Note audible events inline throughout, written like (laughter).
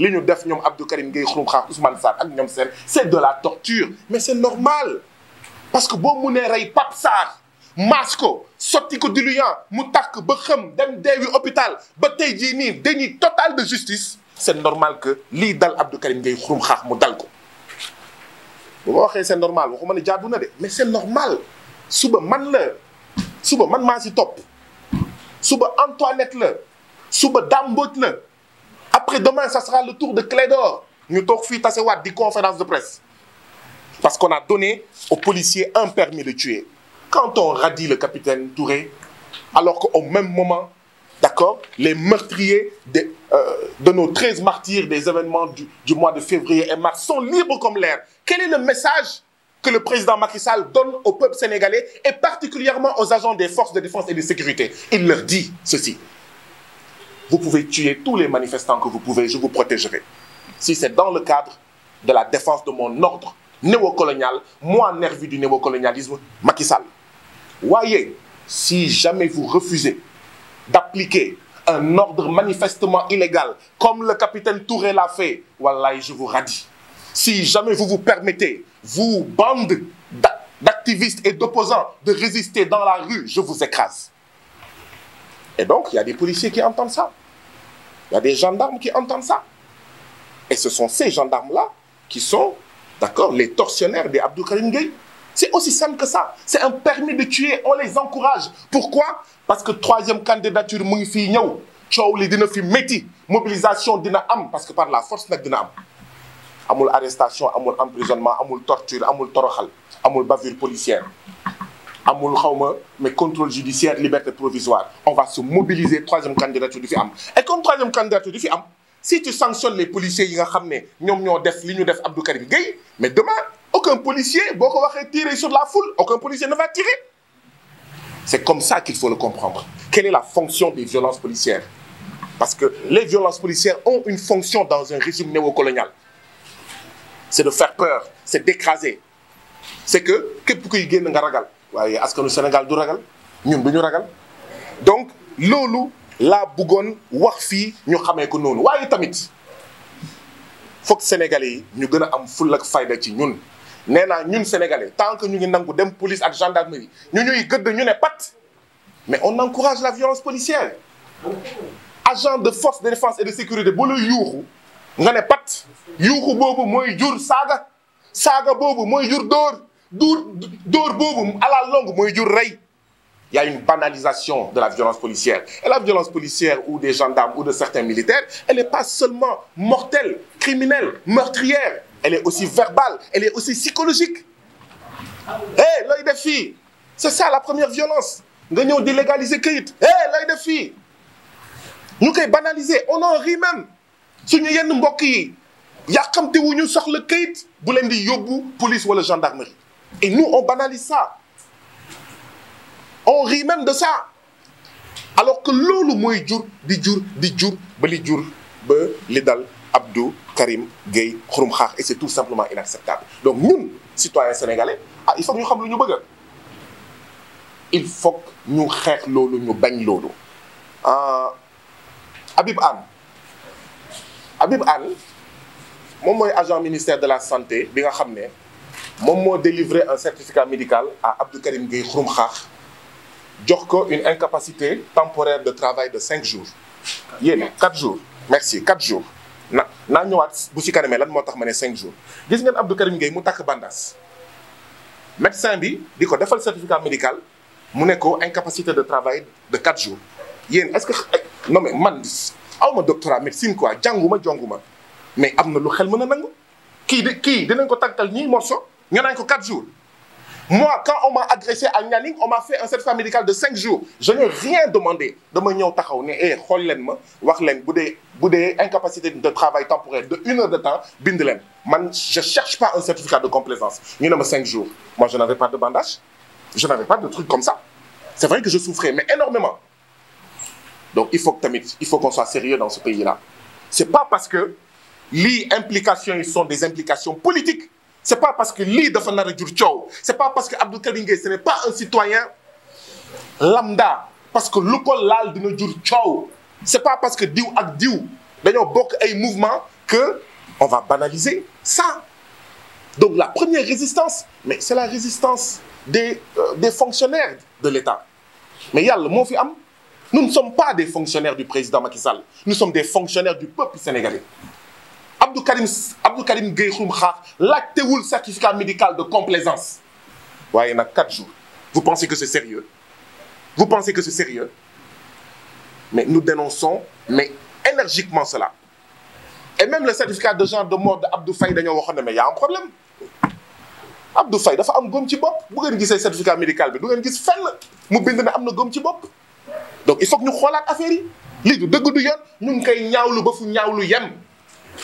li ñu def ñoom Abdou ngay Gueye Xrum Xax Ousmane Sarr ak ñoom seen c'est de la torture mais c'est normal parce que boo munee rey Pape Sarr maas ko sotti ko diluant mu takk ba xam dem deewi hôpital ba tey jii nii déni total de justice c'est normal que lii dal Abdou Karim Gueye Xrum mu dal ko boo ma waxee c'est normal waxuma ne jaadu na de mais c'est normal suba man la suba man maa si topp suba Antoinette la suba Dame Mbodj la après demain ça sera le tour de Clédor ñu toog fii tasewaat di conférence de presse parce qu'on a donné aux policiers un permis de tuer quand on radie le capitaine Touré alors qu'au même moment d'accord les meurtriers de euh, de nos 13 martyrs des événements du, du mois de février et mars sont libres comme l'air quel est le message que le président Macky Sall donne au peuple sénégalais et particulièrement aux agents des forces de défense et de sécurité il leur dit ceci vous pouvez tuer tous les manifestants que vous pouvez, je vous protégerai. Si c'est dans le cadre de la défense de mon ordre néocolonial, moi nervi du néocolonialisme, Macky Sall. Voyez, si jamais vous refusez d'appliquer un ordre manifestement illégal, comme le capitaine Touré l'a fait, Wallahi, je vous radis. Si jamais vous vous permettez, vous, bande d'activistes et d'opposants, de résister dans la rue, je vous écrase. Et donc, il y a des policiers qui entendent ça. Il y a des gendarmes qui entendent ça. Et ce sont ces gendarmes-là qui sont, d'accord, les tortionnaires des Abdou Karim Gueye. C'est aussi simple que ça. C'est un permis de tuer. On les encourage. Pourquoi Parce que troisième candidature mu ngi fii ñëw coow li dina fi métti mobilisation dina am parce que par la force nag dina am. amul arrestation amul emprisonnement amul torture amul toroxal amul bavure policière. amul xawma mais contrôle judiciaire liberté provisoire on va se mobiliser troisième candidature di fi am et comme troisième candidature di fi am si tu sanctionnes les policiers yi nga xam ne ñoom ñoo def li ñu def Abdou Karim Gueye mais demain aucun policier boo ko waxee tirer sur la foule aucun policier ne va tirer c'est comme ça qu'il faut le comprendre quelle est la fonction des violences policières parce que les violences policières ont une fonction dans un régime néocolonial c'est de faire peur c'est d'écraser c'est que képp kuy génn nga ragal waaye askanu Sénégal du ragal ñun bu ñu ragal donc loolu laa bëggoon wax fii ñu xamee ko noonu waaye tamit foog sénégalais yi ñu gën a am fulla ak fayda ci ñun nee naa ñun sénégalais tant que ñu ngi nangu dem police ak yi ñu ñuy gëdd ñu ne pat mais on encourage la violence policière agent de force de défense et de sécurité bu la yuuxu nga ne pat yuuxu boobu mooy jur saaga saaga boobu mooy jur dóor dóor dóor boobu à la longue mooy jur rey il y a une banalisation de la violence policière et la violence policière ou des gendarmes ou de certains militaires elle n'est pas seulement mortelle criminelle meurtrière elle est aussi verbale elle est aussi psychologique eh looy def fii c'est ça la première violence nga ñëw di légaliser këyit eh looy def fii ñu koy banaliser on en rit même suñu yenn mbokk yi yàqamte wu ñu soxla këyit bu leen di yóbbu police wala gendarmerie Et nous, on banalise ça. On rit de ça. alors que loolu mooy jur di jur di jur ba jur ba li dal Abdou Karim Gueye xurum xaax et c'est tout simplement inacceptable donc ñun citoyens sénégalais ah, il faut ñu xam lu ñu bëgg il faut ñu xeex loolu ñu bañ loolu ah, Habib Anne Habib Anne moom mooy agent ministère de la santé bi nga xam ne moom moo délivré un certificat médical à Abdou Karim Gueye Xrum Xax jox ko une incapacité temporaire de travail de cinq jours yéen quatre jours merci quatre jours na naa ñëwaat bu si kanamee lan moo tax ma ne cinq jours gis ngeen Abdou Karim Gueye mu takk bandaas médecin bi di ko defal certificat médical mu ne ko incapacité de travail de quatre jours yéen est-ce que eh, non mais man aw ma doctorat médecine quoi jànguma jonguma mais am na lu xel mën a nangu kii di kii dinañ ko tàggal ñii morso ñu nañ ko 4 jours moi quand on m'a agressé à Nianing on m'a fait un certificat médical de 5 jours je n'ai rien demandé dama ñëw taxaw ne eh leen ma wax leen bu dee bu dee incapacité de travail temporaire de une heure de temps bind leen man je cherche pas un certificat de complaisance ñu ne ma 5 jours je n'avais pas de bandage je n'avais pas de truc comme ça c'est vrai que je souffrais mais énormément donc il faut tamit il faut qu'on soit sérieux dans ce pays que lii implications yi sont des implications politiques c' est pas parce que lii dafa nar a jur coow c' est pas parce que Abdou Karim Gueye ce n' pas un citoyen lambda parce que lu ko laal dina jur coow c' est pas parce que diw ak diw dañoo bokk ay mouvement que on va banaliser ça donc la première résistance mais c'est la résistance des euh, des fonctionnaires de l'État mais yàlla moo fi am nous ne sommes pas des fonctionnaires du président Macky Sall nous sommes des fonctionnaires du peuple sénégalais Abdou Karim Abdou Karim Gueye Xrum Xax laajtewul certificat médical de complaisance waaye nag quatre jours vous pensez que c'est sérieux vous pensez que c'est sérieux mais nous dénonçons mais énergiquement cela et même le certificat de genre de mort de Abdou Faye dañoo waxoon ne mais y a un problème Abdou Faye dafa am góom ci bopp bu ngeen gisee certificat médical bi du ngeen gis fenn mu bind ne am na góom ci bopp donc il faut que ñu xoolaat affaire yi lii du dëgg du yoon ñu ngi koy ñaawlu ba fu ñaawlu yem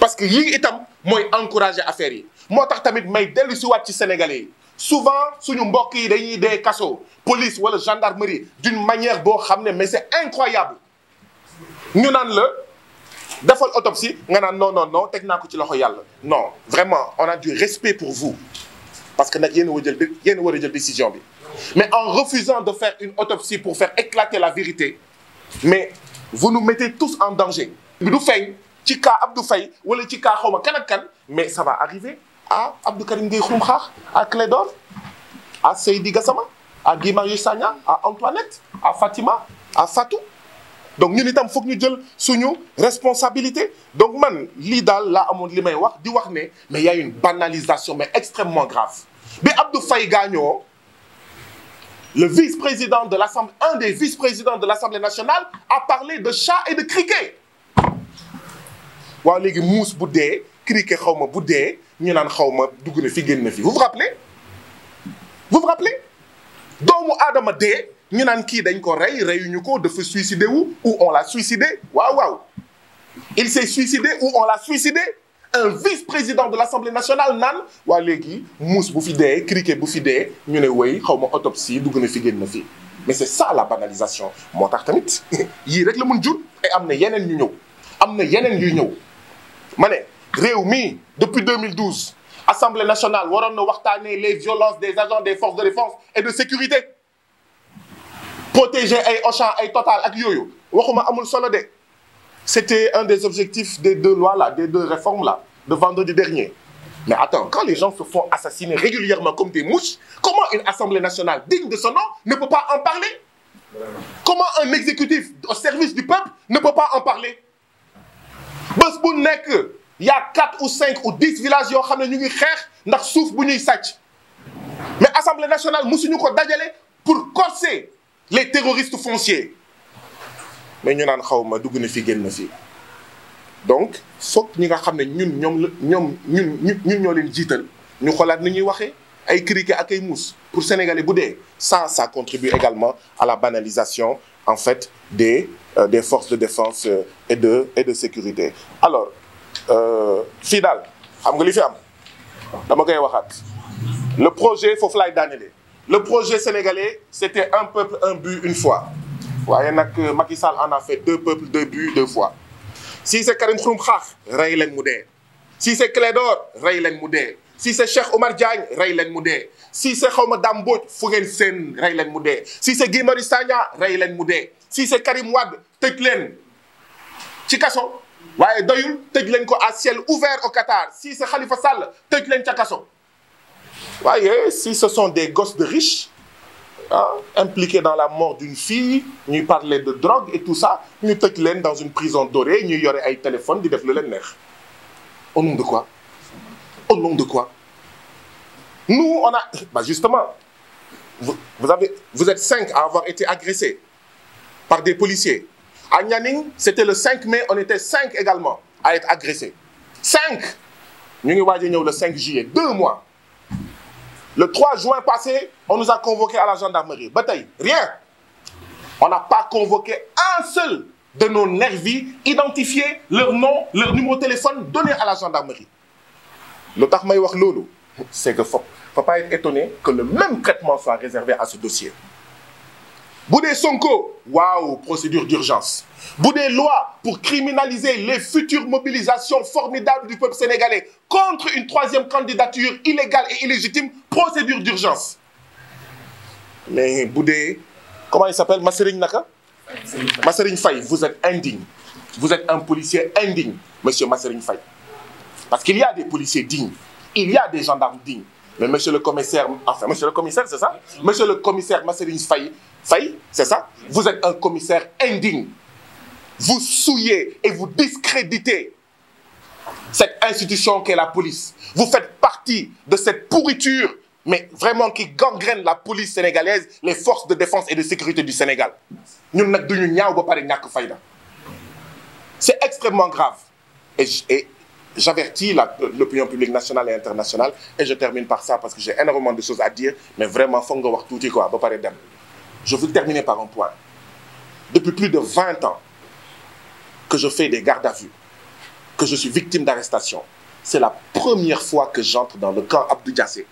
parce que yii itam mooy encourager affaire yi moo tax tamit may dellu waat ci sénégalais souvent suñu mbokk yi dañuy dee kaso police wala gendarmerie d'une manière boo xam ne mais c'est incroyable ñu naan la defal autopsie nga naan non non non teg naa ko ci loxo yàlla non vraiment on a du respect pour vous parce que nag yéen a war jël yéen a war bi mais en refusant de faire une autopsie pour faire éclater la vérité mais vous nous mettez tous en danger bi du feeñ ci cas Abdou Faye wala ci cas xaw ma kan ak kan mais ça va arriver à Abdou Karim Gueye Xrum Xax à Clédor à Seydi Gassama à Guy Marius Sagna à Antoinette à Fatima à Fatou donc ñun tam foog ñu jël suñu responsabilité donc man lii daal laa amoon li may wax di wax ne mais y a une banalisation mais extrêmement grave bi Abdou Faye gaañoo le vice-président de l'Assemblée un des vice-présidents de l'Assemblée nationale a parlé de chat et de criquet waa léegi muus bu dee criquet xaw ma bu dee ñu naan xaw ma dugg na fi génn na fi vous vous rappelez vous vous rappelez doomu aadama dee ñu naan kii dañ ko rey ñu ko dafa suicidé wu ou on l'a suicidé waaw waaw il s'est suicidé ou on l'a suicidé un vice-président de l'Assemblée nationale naan waa léegi muus bu fi dee criquet bu fi dee ñu ne woy xaw ma autopsie dugg na fi génn na fi mais c'est ça la banalisation moo tax tamit (laughs) yii rek la mun jur et am na yeneen ñu ñëw am na yeneen yu ñëw ma ne réew mii depuis 2012 assemblée nationale waroon na waxtaanee les violences des agents des forces de défense et de sécurité protéger ay Auchan ay Total ak yooyu waxuma amul solo de c'était un des objectifs des deux lois des deux réformes là de vendredi dernier mais attends quand les gens se font assassiner régulièrement comme des mouches comment une assemblée nationale digne de son nom ne peut pas en parler comment un exécutif au service du peuple ne peut pas en bés bu nekk y a quatre ou cinq ou dix villages yoo xam ne ñu ngi xeex ndax suuf bu ñuy sàcc mais assemblée nationale musuñu ko dajalee pour corser les terroristes fonciers mais ñu naan xaw ma dugg na fi génn na fi donc foog ñi nga xam ne ñun ñoom la ñoom ñun ñun ñoo leen jiital ñu xoolaat ni ñuy waxee ay criquet ak ay mousse pour sénégalais bu dee ça ça contribue également à la banalisation en fait des euh, des forces de défense euh, et de et de sécurité alors euh, fii daal xam nga li fi am dama koy waxaat le projet foofu laay daanelee le projet sénégalais c'était un peuple un but une fois waaye nag Macky Sall en a fait deux peuples deux buts deux fois si c'est Karim Xrum Xax rey leen mu dee si c'est Clédor rey leen mu dee si c'est Cheikh Omar Diagne rey leen mu dee si c'est xawma Dame Mbodj fu ngeen seen rey leen mu dee si c'est Guy Marius Sagna rey leen mu dee si c'est Karim Wade tëj leen ci kaso waaye doyul tëj leen ko à ciel ouvert au Qatar si c'est Khalifa Sall tëj leen ca kaso waaye si ce des gosses de riche ah impliqués dans la mort d'une fille ñuy parle de drogue et tout ça ñu tëj leen dans une prison dorée ñuy yore ay téléphone di def lu leen neex au nom de quoi Au nom de quoi Nous, on a... Bah justement, vous, vous, avez, vous êtes cinq à avoir été agressés par des policiers. À Nyaning, c'était le 5 mai, on était cinq également à être agressés. Cinq Nous sommes le 5 juillet, deux mois. Le 3 juin passé, on nous a convoqués à la gendarmerie. Bataille, rien. On n'a pas convoqué un seul de nos nervis, identifié leur nom, leur numéro de téléphone, donné à la gendarmerie. lu tax may wax loolu c'est que faut faut pas être étonné que le même traitement soit réservé à ce dossier bu dee Sonko waaw procédure d'urgence bu dee loi pour criminaliser les futures mobilisations formidables du peuple sénégalais contre une troisième candidature illégale et illégitime procédure d'urgence mais bu dee comment il s'appelle Masserigne naka Masserigne Faye vous êtes indigne vous êtes un policier indigne monsieur Masserigne Faye Parce qu'il y a des policiers dignes, il y a des gendarmes dignes. Mais monsieur le commissaire, enfin, monsieur le commissaire, c'est ça Monsieur le commissaire Marceline Faye, Faye c'est ça Vous êtes un commissaire indigne. Vous souillez et vous discréditez cette institution qu'est la police. Vous faites partie de cette pourriture, mais vraiment qui gangrène la police sénégalaise, les forces de défense et de sécurité du Sénégal. Nous n'avons pas de C'est extrêmement grave. Et, et j'avertis l'opinion publique nationale et internationale et je termine par ça parce que j'ai énormément de choses à dire mais vraiment foog nga wax tuuti quoi ba pare dem je veux terminer par un point depuis plus de vingt ans que je fais des gardes à vue que je suis victime d'arrestation c'est la première fois que j'entre dans le camp Abdou Diassé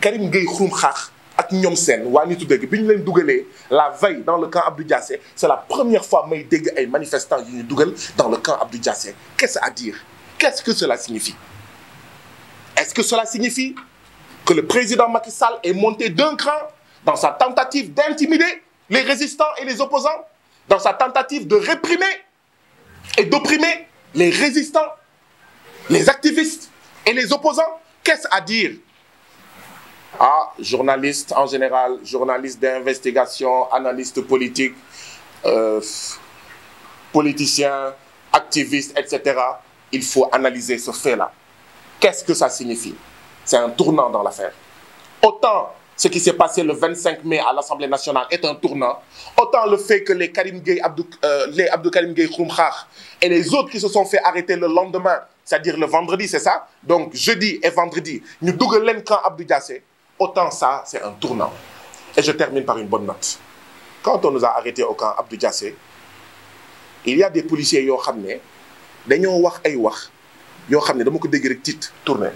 Karim Gueye Xrum Xax ak ñoom seen waa nitu dëgg bi ñu leen dugalee la veille dans le camp Abdou Diassé c'est la première fois may dégg ay manifestants dugal dans le camp Abdou Diassé qu'est-ce à dire Qu'est-ce que cela signifie Est-ce que cela signifie que le président Macky Sall est monté d'un cran dans sa tentative d'intimider les résistants et les opposants, dans sa tentative de réprimer et d'opprimer les résistants, les activistes et les opposants Qu'est-ce à dire à ah, journalistes en général, journalistes d'investigation, analystes politiques, euh, politiciens, activistes, etc. il faut analyser ce fait-là. Qu'est-ce que ça signifie C'est un tournant dans l'affaire. Autant ce qui s'est passé le mai à l'Assemblée nationale est un tournant, autant le fait que les Karim Gueye, Abdou, euh, les Abdou Karim Gueye et les autres qui se sont fait arrêter le lendemain, c'est-à-dire le vendredi, c'est ça Donc jeudi et vendredi, nous dougalène quand Abdou autant c'est un tournant. Et je termine par une bonne note. Quand on nous a arrêtés au camp Abdou il y a des policiers qui ont ramené dañoo wax ay wax yoo xam ne dama ko dégg rek tiit tourné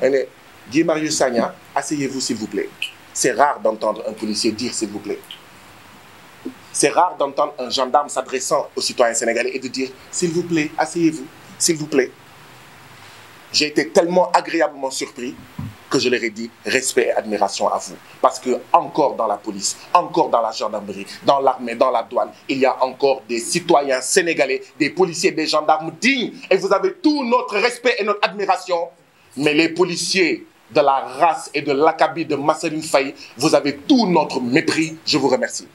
eh, ay ne Guy Marius Sagna asseyez-vous s'il vous plaît c'est rare d'entendre un policier dire s'il vous plaît c'est rare d'entendre un gendarme s'adressant aux citoyens sénégalais et de dire s'il vous plaît asseyez-vous s'il vous plaît j'ai été tellement agréablement surpris que je leur ai dit respect et admiration à vous. Parce que encore dans la police, encore dans la gendarmerie, dans l'armée, dans la douane, il y a encore des citoyens sénégalais, des policiers, des gendarmes dignes. Et vous avez tout notre respect et notre admiration. Mais les policiers de la race et de l'acabit de Masseline Faye, vous avez tout notre mépris. Je vous remercie.